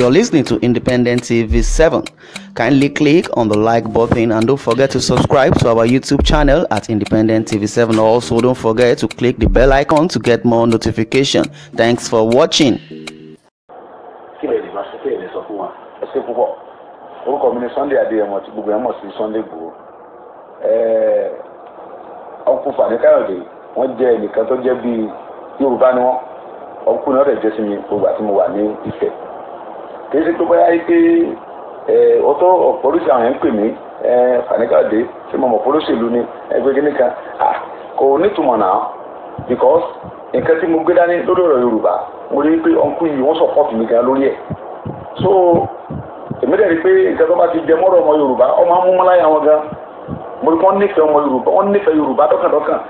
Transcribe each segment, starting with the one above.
You're listening to Independent TV 7. Kindly click on the like button and don't forget to subscribe to our YouTube channel at Independent TV 7. Also, don't forget to click the bell icon to get more notification. Thanks for watching. Yorùbá ni wọ́n ọkùnrin náà rẹ̀ sí mi gbogbo àti mo wà ní Ifẹ̀ kìí ṣe tó báyà yìí pé ọtọ ọpọlọsì àwọn yẹn ń pè mí fanigade ṣé mo mọ ọpọlọsì ìlú ni ẹgbẹ́ gíní kan kò nítumọ̀ náà because nǹkan tí mo gbé dání lórí ọ̀rọ̀ Yorùbá mo rí i pé ọ̀nkú yìí wọ́n sọ̀pọ̀tì mi gan lórí ẹ̀ so èmi dẹ̀ rí i pé nǹkan tó bá ti jẹ mọ́rọ̀ ọmọ Yorùbá ọmọ amúmọ́láyà wọn gan mo rí i pé wọ́n nífẹ̀ẹ́ ọmọ Yorùbá wọ́n nífẹ̀ẹ́ Yorùbá dọ́kàndọ́kàn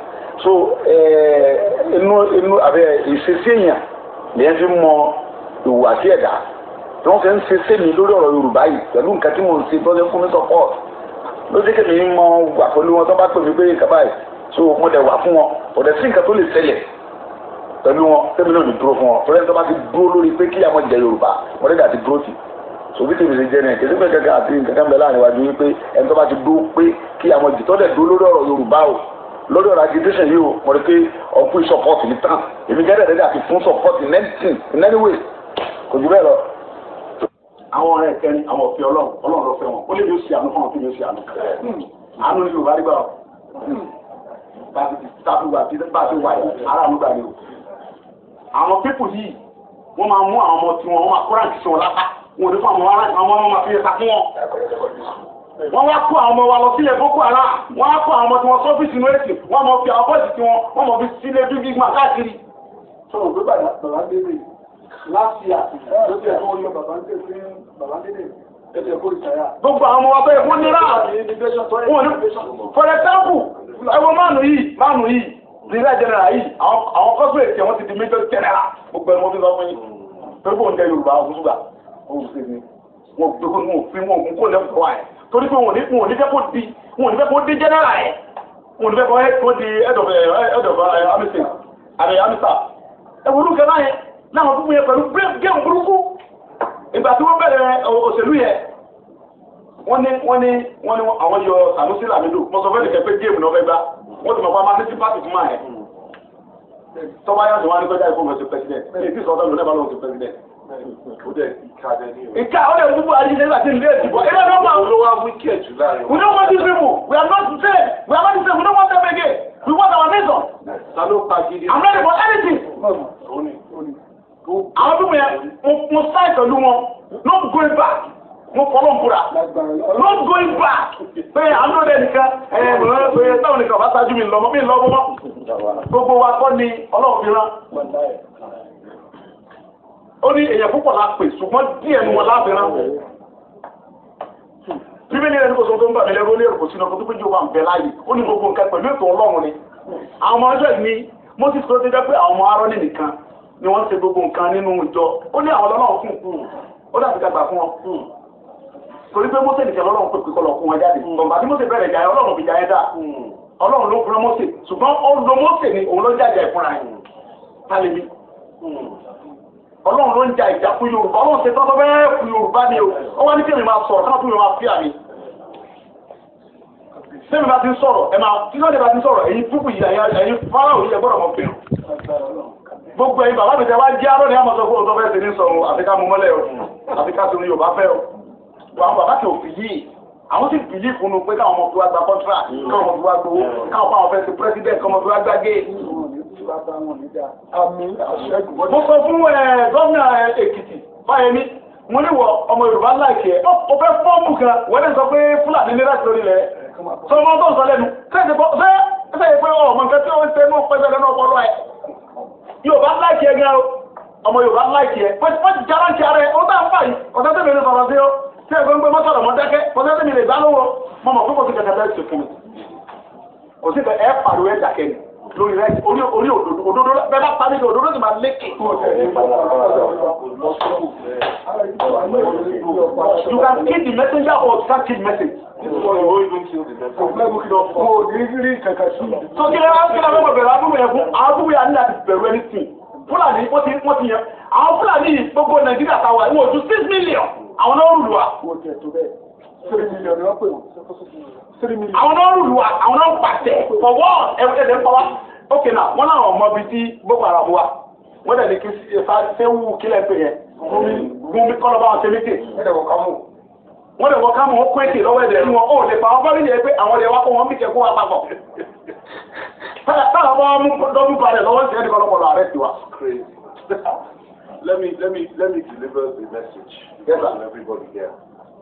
so inú inú àbẹ ìṣesí èèyàn lèyẹn fi mọ ìwà sí ẹ̀dá tí wọ́n fẹ́ ń ṣe sẹ́mi lórí ọ̀rọ̀ Yorùbá yìí pẹ̀lú nǹkan tí mò ń ṣe bọ́lẹ̀ fún mi support ló dé kéde yín mọ wà pẹ̀lú wọn tó bá pè mí pé kaba yìí so mo dẹ̀ wà fún wọn kò dẹ̀ sí nǹkan tó lè ṣẹlẹ̀ pẹ̀lú wọn sẹ́mi náà ní dúró fún wọn torí ẹni tó bá ti dúró lórí pé kí àwọn jẹ Yorùbá mo dẹ̀ àti dúró sí so bí tèmi ṣe jẹ ní kèsì pé kankan àti kankan bẹ láàrin wájú wípé ẹni tó bá ti dúró pé kí àwọn jìtọ́ dẹ̀ dúró lórí ọ̀rọ̀ Yorùbá o lórí ọ̀rọ̀ agitation yìí o mo rí pé ọkùnrin support mi tán èmi gẹ́gẹ́ àti fún support in anything kò jù bẹ́ẹ̀ lọ àwọn ọ̀rẹ́ ìkẹrin àwọn ọ̀fẹ́ ọlọ́run ọlọ́run ló fẹ́ wọn ó lè ní oṣù àánú fún àwọn tó ní oṣù àánú àánú ni yorùbá rí gbà ọ tàbígbà tí bá ti wà yìí ara àánú gbà ni o àwọn pípù yìí wọ́n máa mú àwọn ọmọ tiwọn wọ́n máa kó ráǹkì sí wọn lápá wọn ò ní fún àwọn aráàlú àwọn ọmọ máa fi ẹ̀ka fún wọn wọ́n wá kó àwọn ọmọ wa lọ sílẹ̀ boko haram wọ́n á kó àwọn ọmọ tí wọ́n sọ́fíìsì ní èsì wọ́n mọ̀ fi àwọn bọ́ọ̀sì tí wọ́n mọ̀ fi sílẹ̀ bí gbígbà káàkiri. sọ̀rọ̀ gbé bàbá bàbá bèbè láti à lójú ẹ̀ wọ́n yọ bàbá ń tẹ̀ sí bàbá nílé ẹ̀jẹ̀ kó ìtayà. gbogbo àwọn ọmọ ọbẹ̀ ìwọ nira wọn ni for example ẹwọ mánu yìí mánu yìí brigadier general yìí àwọn kọ́sùlẹ̀ tí wọ́n ti di major general gbogbo ẹni wọ́n fi sọ fún yìí pẹ̀lú òun jẹ́ Yorùbá ògúnṣùgbà wọn gbogbo wọn fi wọn ògún kó lẹ́kọ̀ọ́ ẹ̀ torí pé wọn ò ní fẹ́ kó di wọn ò ní fẹ́ kó di general ẹ̀ wọn ò ní fẹ́ kó di head of eh, head of amisa àbẹ̀ amisa ẹ̀wọ̀n olùkẹ́ náà yẹn láwọn fún mi yẹn pẹ̀lú gẹ́mù burúkú ìgbà tí wọ́n bẹ̀rẹ̀ òṣèlú yẹn wọ́n ní wọ́n ní wọ́n ní àwọn yọ Sanusi Lamido mọ́sọ fẹ́ẹ́ nìkẹ́ pé géèmù náà gbá wọ́n ti mọ̀ fún amásí pàtì fún màá yẹn yá sọ̀rọ̀ anígbẹ́jà ìfọ̀ mọ̀ sí pẹ́sidẹ̀ntì èyí tí sọ̀tọ̀ lẹ́bàá lọ́wọ́ sí pẹ́sidẹ̀ntì. ìka we don't want these people we are not there we are not there we don't want them again we want our nation. pẹ̀lú wọn not going back mo fọlọ́n kura not going back pé àánú rẹ̀ nìkan ẹ̀ ẹ̀ táwọn nìkan bá ṣáájú mi lọ́mọ mi lọ́mọ gbogbo wa kọ́ ni ọlọ́run fi ó ní èèyàn púpọ̀ la ṣùgbọ́n díẹ̀ ni wọn láàbẹ̀ rán bíbélì rẹ̀ kò sọ tó ń bà mí lẹ́rú ó lè rò sínú ọkọ̀ tó pé jù wà ń bẹ láàyè ó ní gbogbo nǹkan pẹ̀lú ètò ọlọ́run ni àwọn ọmọ ọjọ́ ni mo ti sọ ti jẹ́ pé àwọn ọmọ arọ́ nìkan ni wọ́n ṣe gbogbo nǹkan nínú ìjọ ó ní àwọn ọlọ́run kù ó dàbí dàgbà fún wọn hmm. torí pé mọ́sẹ̀ nìkan lọ́lọ́run pè pé kọlọ̀ fún wọn jáde hmm. bàbá tí mọ́sẹ̀ bẹ̀rẹ̀ jáde ọlọ́run fi jáde dà hmm. ọlọ́run ló fúnra mọ́sẹ̀ ṣùgbọ́n ó lo mọ́sẹ̀ ni òun ló jáde fúnra yìí tálẹ́bí ọlọ́run ló ń ja ìjà fún yorùbá ọlọ́run ṣe tọ́tọ́ bẹ́ẹ̀ fún yorùbá ni ó wá ní kí sẹ́mi bá ti ń sọ̀rọ̀ ẹ̀ máa tí wọ́n bá ti ń sọ̀rọ̀ ẹ̀yin púpù yìí ẹ̀yin fáráwò yìí ẹ̀ gbọ́dọ̀ mọ̀ fẹ́ràn gbogbo ẹ̀yin bàbá mi tẹ wá jẹ́ arọ́ ní àmọ́sọ fún ọ̀tọ́ fẹ́ẹ́ sí ní sọ̀rọ̀ àfikà mú mọ́lẹ̀ o àfikà sí ní Yorùbá fẹ́ o wà á bàbá kì ò fi yìí àwọn sì bìlí fún un pé káwọn ọmọ fi wá gba kọ́ńtà káwọn ọmọ fi wá gbowó káwọn fáwọn fẹ́ẹ́ sí pírẹ́sídẹ̀ǹt káwọn fi wá gbàgé. mo sọ fún gómìnà Èkìtì fẹ́ fọ́ọ̀mù kan wẹ́n sọ pé Fúlàní ní tó ń sọ lẹ́nu fẹ́ẹ́ fẹ́ẹ́ pé ọmọ nǹkan tí ó ń ṣe mọ́ pẹ́ẹ́sẹ̀ lẹ́nu ọpọlọ ẹ̀ yorùbá láìkí ẹ gan ọmọ yorùbá láìkí ẹ wọ́n ti jára ń kí ara ẹ ó bá ń fà yìí ọ̀sẹ̀ tẹ̀mí ní sọ̀rọ̀ sí ó tí ẹ gbẹ́ngbẹ́ mọ́sọ̀rọ̀ mọ́ dákẹ́ ọ̀sẹ̀ tẹ̀mí lè gbá lówó mọ́mọ́ fún kò sí kẹ̀kẹ́ bẹ́ẹ̀ ṣe fún mi kò sí kẹ̀ ẹ pàrọ̀ ẹ dàkẹ́ ni lórí rẹ orí orí òdòdó òdòdó bẹ́ẹ̀ bá parí òdòdó sì máa lékè. you can kill the messenger or start the message. so kí ló wá kí ló wá bẹ̀rẹ̀ abúlé yẹn fún abúlé yẹn láti bẹ̀rù ẹni sìn fúlàní wọ́n ti wọ́n ti yẹn àwọn fúlàní gbogbo nàìjíríà táwa ìwọ̀n ju six million àwọn náà ń lù wá àwọn náà rúlu àwọn náà pàṣẹ fọwọ́ ẹ̀ẹ́dẹ̀ pàwá ok na wọn náà ọmọ bíi ti boko haram wa wọn dẹ̀ ní kí sẹ́wù kílẹ̀ pé yẹn gúnmi kọ́lọ́ bá wọn ṣe méjì wọ́n lè wọ́n ká mọ̀ kó ètè lọ́wọ́ ẹ̀dẹ̀ ní wọn ó lè fa wọn fọ́lì yẹn pé àwọn lè wá kó wọn bí kẹ́kọ̀ọ́ wa papọ̀ táwọn bá mú dọ́bù balẹ̀ lọ́wọ́ sí ẹ̀dẹ̀ kọ́lọ́kọ́lọ́ ààrẹ Let me let me let me deliver the message yes, to everybody here.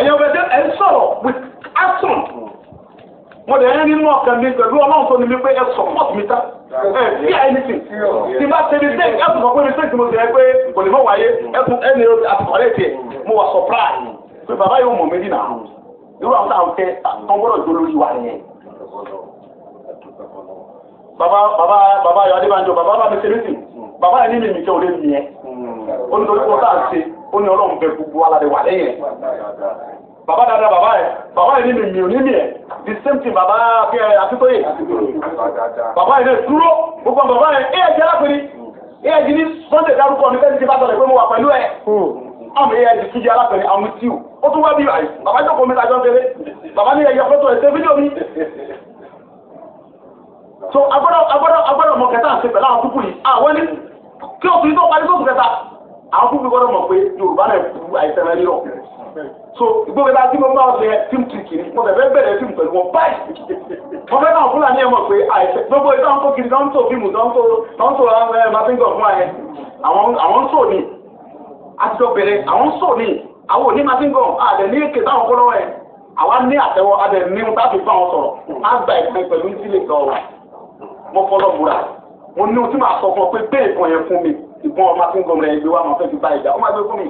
ẹ̀yẹ́ ọ̀bẹ jẹ́ ẹ̀ ń with action mo dẹ̀ ń rí inú ọkàn mi pẹ̀lú ọlọ́run tó ní mi pé ẹ support mi ta ẹ bí anything tí bá ṣe mistake ẹ tún sọ pé mistake mo ṣe ẹ pé kò ní mọ̀ wáyé ẹ tún ẹ ní àtìkọ́ rẹ̀ tiẹ̀ mo wà surprise pé bàbá yóò mọ̀ méjì náà irú àwọn táwọn fẹ́ tán gbọ́dọ̀ jó lórí wa yẹn. bàbá bàbá bàbá Ayọ̀ Adébánjọ bàbá bá mi ṣe mí sìn bàbá yẹn ní mi nìkẹ́ òde ó ní lórí kọ́tà ṣe ó ní ọlọ́run bẹ gbogbo aládé wà lẹ́yìn rẹ̀ bàbá dada bàbá yẹ bàbá yẹ ni mi mi ò ní mi yẹ the same thing bàbá kẹ akitoye bàbá yẹ dẹ dúró gbogbo bàbá yẹ ẹ yẹ jẹ alápẹ̀rẹ̀ ẹ yẹ di ní sunday darúgbó ní kẹ́sì ti bá sọ̀rọ̀ pé mo wà pẹ̀lú ẹ àmì ẹ yẹ di tuji alápẹ̀rẹ̀ àmì tíù ó tún wá bí wáyé bàbá jókòó mi tajọ́ kéré bàbá ní ẹyẹ fọ́tò ẹsẹ̀ fídíò mi so agbọ́dọ̀ agbọ́dọ̀ agbọ́dọ̀ mọ̀ kẹta àti pẹ̀lú àwọn púpù yìí àwọn ní kí obìnrin tó parí sóòtù kẹta àwọn fún mi gbọ́dọ̀ mọ̀ pé yorùbá náà bu àìsàn náà rírọ̀ so ìgbókè tá a ti mọ bá ọsẹ fíìmù tìrìkì ni mo fẹ́ bẹ̀rẹ̀ fíìmù pẹ̀lú wọn báyìí mo fẹ́ káwọn fúlàní ẹ̀ mọ̀ pé àìsàn gbogbo ìtàn tó kiri tán tó fíìmù tán tó tán tó ẹ máa fi ń gbọ̀ fún ẹ àwọn ń sò ní àtijọ́ bẹ̀rẹ̀ àwọn ń sò ní àwọn òní máa fi ń gbọ̀ àdẹ̀ ní èké táwọn kọ́ lọ́wọ́ ẹ̀ àwa ní àtẹwọ́ àdẹ̀ ní mo tá a fi fún àwọn sọ̀rọ̀ á gba ìpín pẹ̀lú ń sílẹ̀ gbọ́ mo ní o tí máa sọ fún ọ pé gbé ìbọn yẹn fún mi ìbọn ọmọ tó ń gọmọ rẹ gbé wa máa fẹ́ fi bá ìjà ó máa gbé fún mi.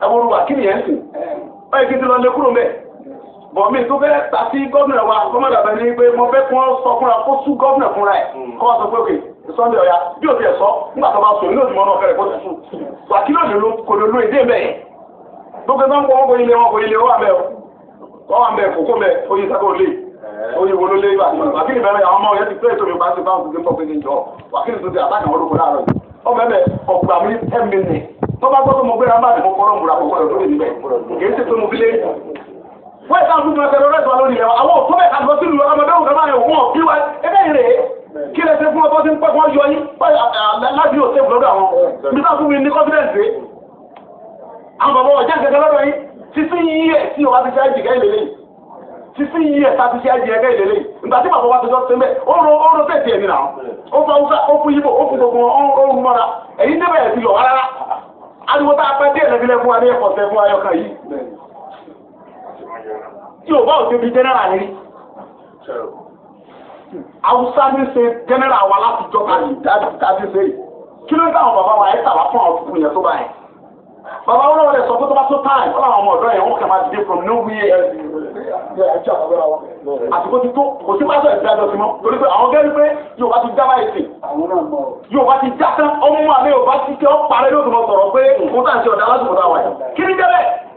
ẹ wo ruwa kí nìyẹn sìn ọ yẹ kí n ti lọ lé kúrò mẹ bọ̀ mi tó fẹ́ ta sí gómìnà wa gómìnà bẹ̀ ni pé mo fẹ́ kí wọ́n sọ fúnra kó sú gómìnà fúnra ẹ̀ hmm. kó wọ́n sọ pé òkè Sunday Ọ̀yà bí o tiẹ̀ sọ nígbà tó bá sọ ní òdìmọ́ náà fẹ́rẹ̀ kó ti sùn wà kí ló lè lo kò lè lo èdè mẹ́ẹ̀ gbogbo náà ń kọ́ wọ́n kò ilé wọn kò ilé wọn wà mẹ́ẹ̀ o wọ́n wà mẹ́ẹ̀ kókó mẹ́ẹ̀ oyin sábà ò lè oyin wo ló lé ibà wákìlì bẹ̀rẹ̀ àwọn ọmọ yẹn ti pé ètò mi pàṣẹ báwọn tuntun pọ̀ pé ní jọ wákìlì tó ti àbáyọ ọdún kọ láàárọ̀ yìí ọ bẹ̀rẹ̀ ọ̀gbà mi ten minutes tó bá gbọ́dọ̀ mo gbéra báyìí mo kọ́rọ̀ múra kọ́kọ́ lọ́dún níbẹ̀ kì í ṣe tó mo fi lé. wọ́n ìta fún mi ọ̀sẹ̀ lọ́rẹ́ ìtura lónìí lẹ́wọ̀ àwọn òtún bẹ́ẹ̀ kàgbọ́ sílùú ọmọdé òun kàmáyé òun ọ̀ kí wá ẹgbẹ́ ìrèé kí lè ṣe fún ọbọ̀ tí ń pẹ́ yọ yín láti yóò ṣe ìbùdó àwọn mi ká fún mi ní confidence àwọn bàbá ọ̀jẹ̀ ìṣẹ̀kẹ́ lọ́dọ̀ yín ti sí yíyẹ tí wọ́n á ti ṣe àìjìká ìlélẹ́yìn sísí yìí ẹ̀ tàbí sí ẹ̀jẹ̀ ẹ̀gẹ́ ìlélẹ̀ ìgbà tí bàbá wa tó jọ sí mẹ́ ó ro ó ro bẹ́ẹ̀ tiẹ̀ nínà ó fa húsá ó fún yíbò ó fún gbogbo ó ń mọ́ra èyí ní bẹ̀rẹ̀ sí lọ rárá ariwo tá a pẹ́ díẹ̀ lẹ́bi lẹ́fún wa ní ẹ̀kọ́ tẹ́ fún wa yọkàn yìí tí ò bá òjò bí jẹ́nẹ́rà rí haúsá ní ṣe jẹ́nẹ́rà wa láti jọ kí ló ń dáhùn bàbá wa ẹ̀ tàbá fún àwọn òkú yẹn tó báyìí bàbá wọn lọ́wọ́ rẹ̀ sọ fún tó bá tó táì wọn làwọn ọmọ ọ̀dọ́ yẹn wọn kà máa dìde from nowhere àsìkò ti tó kò sí pásọ ìdílé àjọsí mọ́ torí pé àwọn gẹ́gẹ́ pé yóò bá ti já báyìí sí yóò bá ti já tán ọmọ àlẹ́ yóò bá ti kẹ́ ọ́ parẹ́ yóò tó mọ sọ̀rọ̀ pé nǹkan hmm. tá à ń ṣe ọ̀dà lásìkò tá a wà yìí kí ni jẹ́ bẹ́ẹ̀.